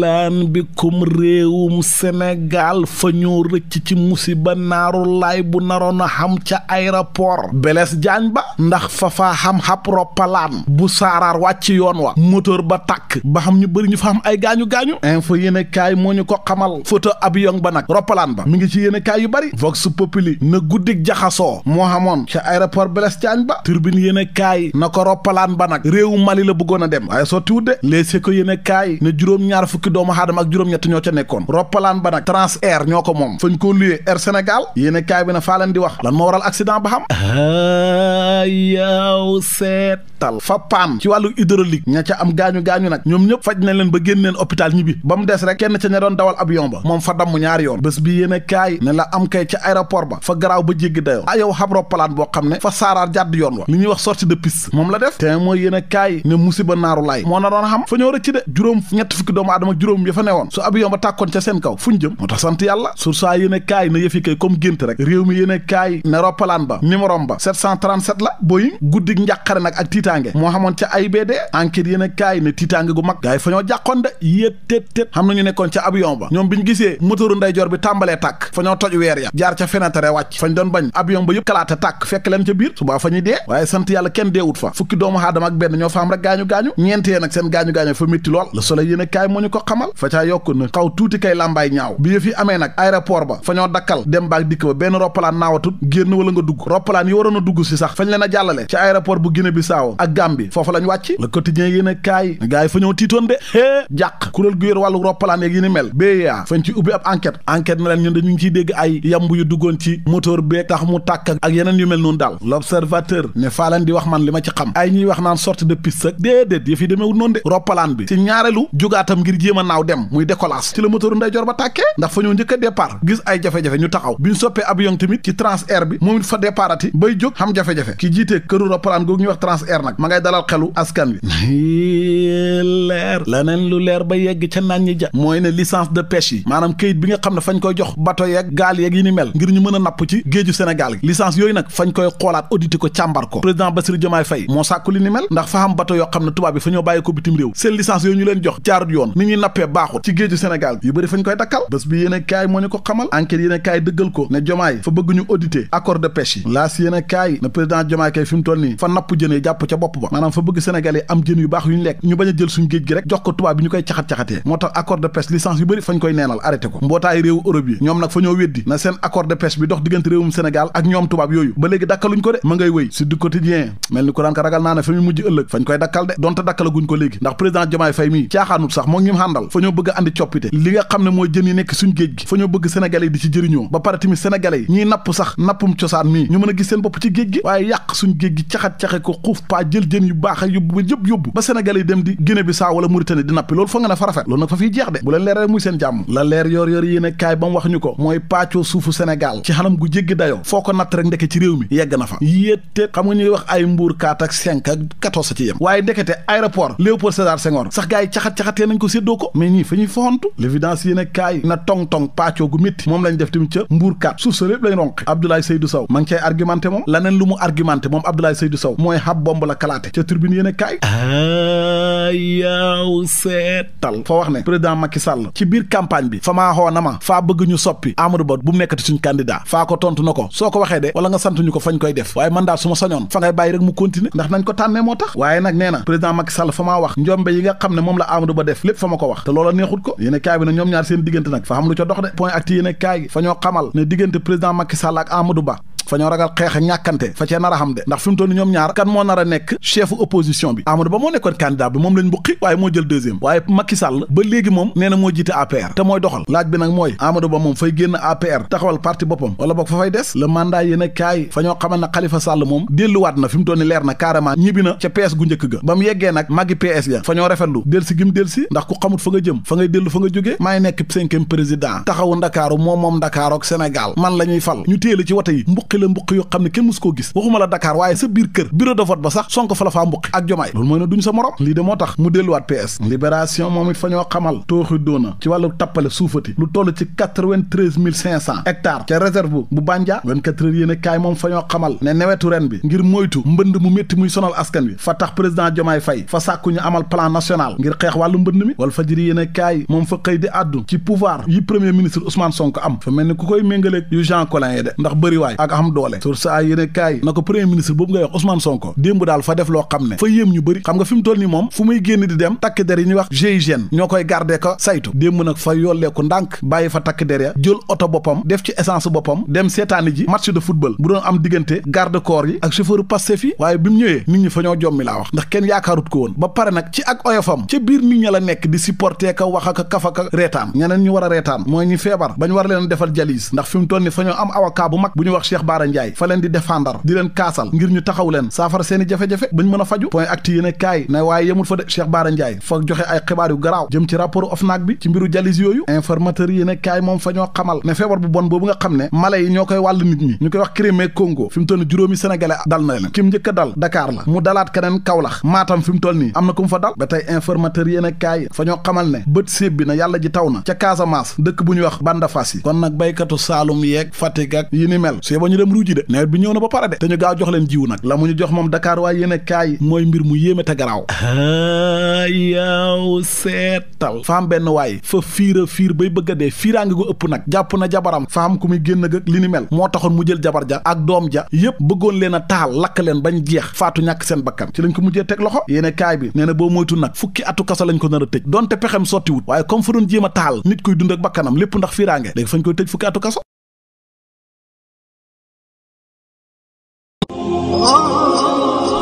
lan bikum réewum Sénégal fa ñoo rëcc ci musiba naaru laay bu naroon a xam ca aéroport Blaise Diagne ba ndax fa faa xam xab roppalaan bu saaraar wàcc yoon wa moteur ba tàkk ba xam ñu bëri ñu fa am ay gaañu-gaañu info yéene kaay moo ñu ko xamal photo avion ba nag roppalaan ba mu ngi ci yéene kaay yu bëri vox populi na guddik jaxasoo moo xamoon ca aéroport Blaise Diagne ba turbine yéene kaay na ko roppalaan ba nag réewu Mali la bëggoon a dem waaye sotti wut de les ko yéen kaay ne juróom-ñaar fukki doomu aadama ak juróom-ñett ñoo ca nekkoon roppalaan ba nag trans air ñoo ko moom fañ koo luyee air Sénégal yéen kaay bi ne faa leen di wax lan moo waral accident ba xam ah, yaw seetal fa paan ci wàllu hydraulique ña ca am gaañu-gaañu nag ñoom ñëpp faj nañ leen ba génn leen hôpital ñibbi ba mu des rek kenn ca ña doon dawal avion ba moom fa damm ñaari yoon bés bi yéen kaay ne la am kay ba fa garaaw ba jéggi dayoo ah yow boo xam ne fa saaraar jàdd yoon wa li ñuy wax sortie de naaru moo na doon xam fa ñoo rëcc de juróom ñett fukki doomu aadama juróom ya fa newoon su abiyon ba tàkkoon ca seen kaw fu ñu jëm moo sant yàlla sur saa yéene na yëfi kay comme gént rek réew mi yéene kaay ne roppalaan ba numérom ba 737 la Boeing guddik njàqare nag ak tiitaange moo xamoon ca AIBD enquête yéene kaay ne tiitaange gu mag gaay fa ñoo jàqoon de yéet tét tét xam nañu nekkoon ca abiyon ba ñoom bi gisee moteuru ndeyjoor gaañu ñeenti yee nag seen gaañu gaañu fa métti lool le soleil yéen a kaay moo ñu ko xamal fa caa yokk na xaw tuuti kay làmbaay ñaaw bi yëf yi amee nag aéroport ba fa ñoo dakkal dem baak dikk ba benn roppalaan naawatut génn wala nga dugg roppalaan yi waroon a dugg si sax fañ leen a jàllale ci aéroport bu Guinée Bissau ak Gambie foofu lañ wàcc le quotidien yéen a kaay gars fa ñoo tiitoon de hee jàq kuréel gu yor roppalaan yeeg yi mel BA e fañ ci ubbi ci déedéet yëf yi demeewul noonu de roppalaan bi ci ñaareelu jugaatam ngir jéem a naaw dem muy décollage ci la moteur ndeyjoor ba tàkkee ndax fa ñoo njëkk a gis ay jafe-jafe ñu taxaw bi ñu soppee avion tamit ci Transair bi moom it fa départati bay jóg xam jafe-jafe ki jiitee këru roppalaan googu ñuy wax Transair nag ma ngay dalal xelu askan wi leer leneen lu leer ba yegg ca naan ñi ja mooy ne licence de pêche yi maanaam këyit bi nga xam ne fañ koy jox bato yeeg gaal yeeg yi ni mel ngir a napp ci géeju Sénégal gi li ni mel ndax fa am bato yoo xam ne tubaab tubaab bi fa ñoo bàyyi ko bitim réew seen licence yooyu ñu leen jox jaarut yoon ni ñuy nappee baaxut ci géeju Sénégal yu bëri fañ koy dakkal bés bi yéen a kaay moo ñu ko xamal enquête yéen a kaay dëggal ko ne jomaay fa bëgg ñu auditer accord de pêche yi laas yéen a kaay na président jomaay kay fi mu toll nii fa napp jëne jàpp ca bopp ba maanaam fa bëgg Sénégal yi am jën yu baax yu ñu lekk ñu bañ a jël suñu géej gi rek jox ko tubaab bi ñu koy caxat-caxatee moo tax te dakkalaguñ ko léegi ndax président Diomaye Faye mii caaxaanut sax moo ngi xàndal fa ñoo bëgg andi coppite li nga xam ne mooy jën yi nekk suñ géej gi fa ñoo bëgg sénégalais yi di ci jëriñoo ba pare tamit sénégalais yi ñiy napp sax nappum cosaan mii ñu mën a gis seen bopp ci géej gi waaye yàq suñ géej gi caxat-caxe ko xuuf paa jël jën yu baax yóbbu ba yëpp yóbbu ba sénégalais yi dem di Guinée Bissau wala Mauritanie di nappi loolu fa nga ne fa rafet loolu nag fa fiy jeex ko mooy paccoo suufu sénégal ci xanam gu jéggi dayoo foo aéroport Léopold Sédar Senghor sax gars yi caxat-caxatee nañ ko séddoo ko mais ñii fa ñuy faxantu l'évidence yéen a kaay na tong-tong paccoo gu métti moom lañ def tamit ca mbuur kat suuf sa lépp lañ ronq Abdoulaye Seydou Sow ma ngi cay argumenté moom laneen lu mu argumenté moom Abdoulaye Seydou Sow mooy xab bomb la kalaate ca turbine yéen kaay ah, yaaw seetal fa wax ne président Macky Sall ci biir campagne bi fa maa xoo na ma faa bëgg ñu soppi Amadou Ba bu mu ko tontu na ko soo ko waxee de nga sant ñu ko fañ koy def waaye man ma soñoon fa ngay bàyyi mu continuer ndax nañ ko moo tax waaye président Macky Sall fa maa wax njombe yi nga xam ne moom la Amadou Ba def lépp fa ma ko wax te loola neexut ko yéen ne ñoom ñaar seen diggante nag fa xam lu ca dox de point acti yéen kaay fa ñoo xamal ne diggante président Macky ak Amadou Ba fa ñoo ragal xeex ñàkkante fa cee nar a xam de ndax fi mu ñoom ñaar kan moo nar a nekk chefu opposition bi Amadou Ba moo nekkoon candidat bi moom lañ buqi waaye moo jël deuxième waaye Macky Sall ba léegi moom nee na moo jiite APR te mooy doxal laaj bi nag mooy Amadou Ba moom fay génn APR taxawal parti boppam wala boog fa fay des le mandat yéen a kaay fa ñoo xamal na Khalifa Sall moom delluwaat na fi mu toll leer na carrément ñibbi na ca PS gu njëkk ba mu yeggee nag maggi PS ya fa ñoo rafetlu del si gim del si ndax ku xamut nga jëm fa ngay jóge maay nekk cinquième président taxawu ndakaaru moom moom ndakaaru ak Sénégal man la ñuy fal ñu téele ci wata yi mbuqi la mbuq yoo xam ne kenn mësu koo gis waxuma la Dakar waaye sa biir kër bureau de vote ba sax Sonko fa la faa mbuqi ak jomaay loolu mooy ne duñ sa morom lii de moo tax mu delluwaat PS libération moom it fa xamal tooxi doona ci wàllu tappale suufati lu toll ci 93 ca réserve bu Bandia 24 a kaay moom fa xamal ne newetu ren bi ngir moytu mbënd mu métti muy sonal askan wi fa tax président jomaay fay fa sàkku amal plan national ngir a kaay moom fa xëy am doole sur saa yéen kaay na ko premier ministre boobu ngay wax Ousmane Sonko démb daal fa def loo xam ne fa yéem ñu bëri xam nga fi toll ni moom fu muy génn di dem takk der yi ñuy wax GIGN ñoo koy garde ko saytu démb nag fa yolleeku ndànk bàyyi fa takk der ya jël oto boppam def ci essence boppam dem seetaani ji match de football bu doon am diggante garde corps yi ak chauffeur Pastef yi waaye bi mu ñëwee nit ñi fa ñoo jommi laa wax ndax kenn yaakaarut a Baara Njaay fa leen di défendar di leen kaasal ngir ñu taxaw leen saafara seeni jafe-jafe a ñoo xamal ne feebar bu bon boobu nga xam ne mala yi ñoo koy wàll nit ñi ñu koy wax Crimée Congo fi juróomi sénégalais dal na leen kim njëkk a dal Dakar la mu dalaat keneen Kaolack Matam fi mu nii am na ku fa dal ba tey informateur yéen fa ñoo xamal ne bët séeb bi na yàlla ji taw na ca Casamance dëkk bu ñuy wax Bandafassi kon nag baykatu Saalum yeeg Fatick yi ni mel dem ruuji de nawet bi ñëw na ba pare de te ñu gaaw jox leen jiwu nag la mu ñu jox moom Dakar waaye yéen kaay mooy mbir mu yéeme te garaaw yaaw seetal faam benn waay fa fiira fiir bay bëgg a dee fiiraangi gu ëpp nag jàpp na jabaram faam ku muy génn ak li ni mel moo taxoon mu jël jabar ja ak doom ja yépp bëggoon leen a taal lakk leen bañ jeex faatu ñàkk seen bakkan ci lañ ko mujjee teg loxo yéene kaay bi nee na boo moytu nag fukki atu kaso lañ ko nar a tëj donte pexem sottiwut waaye comme fa doon jéem taal nit koy dund ak bakkanam lépp ndax fiiraange kaso Oh.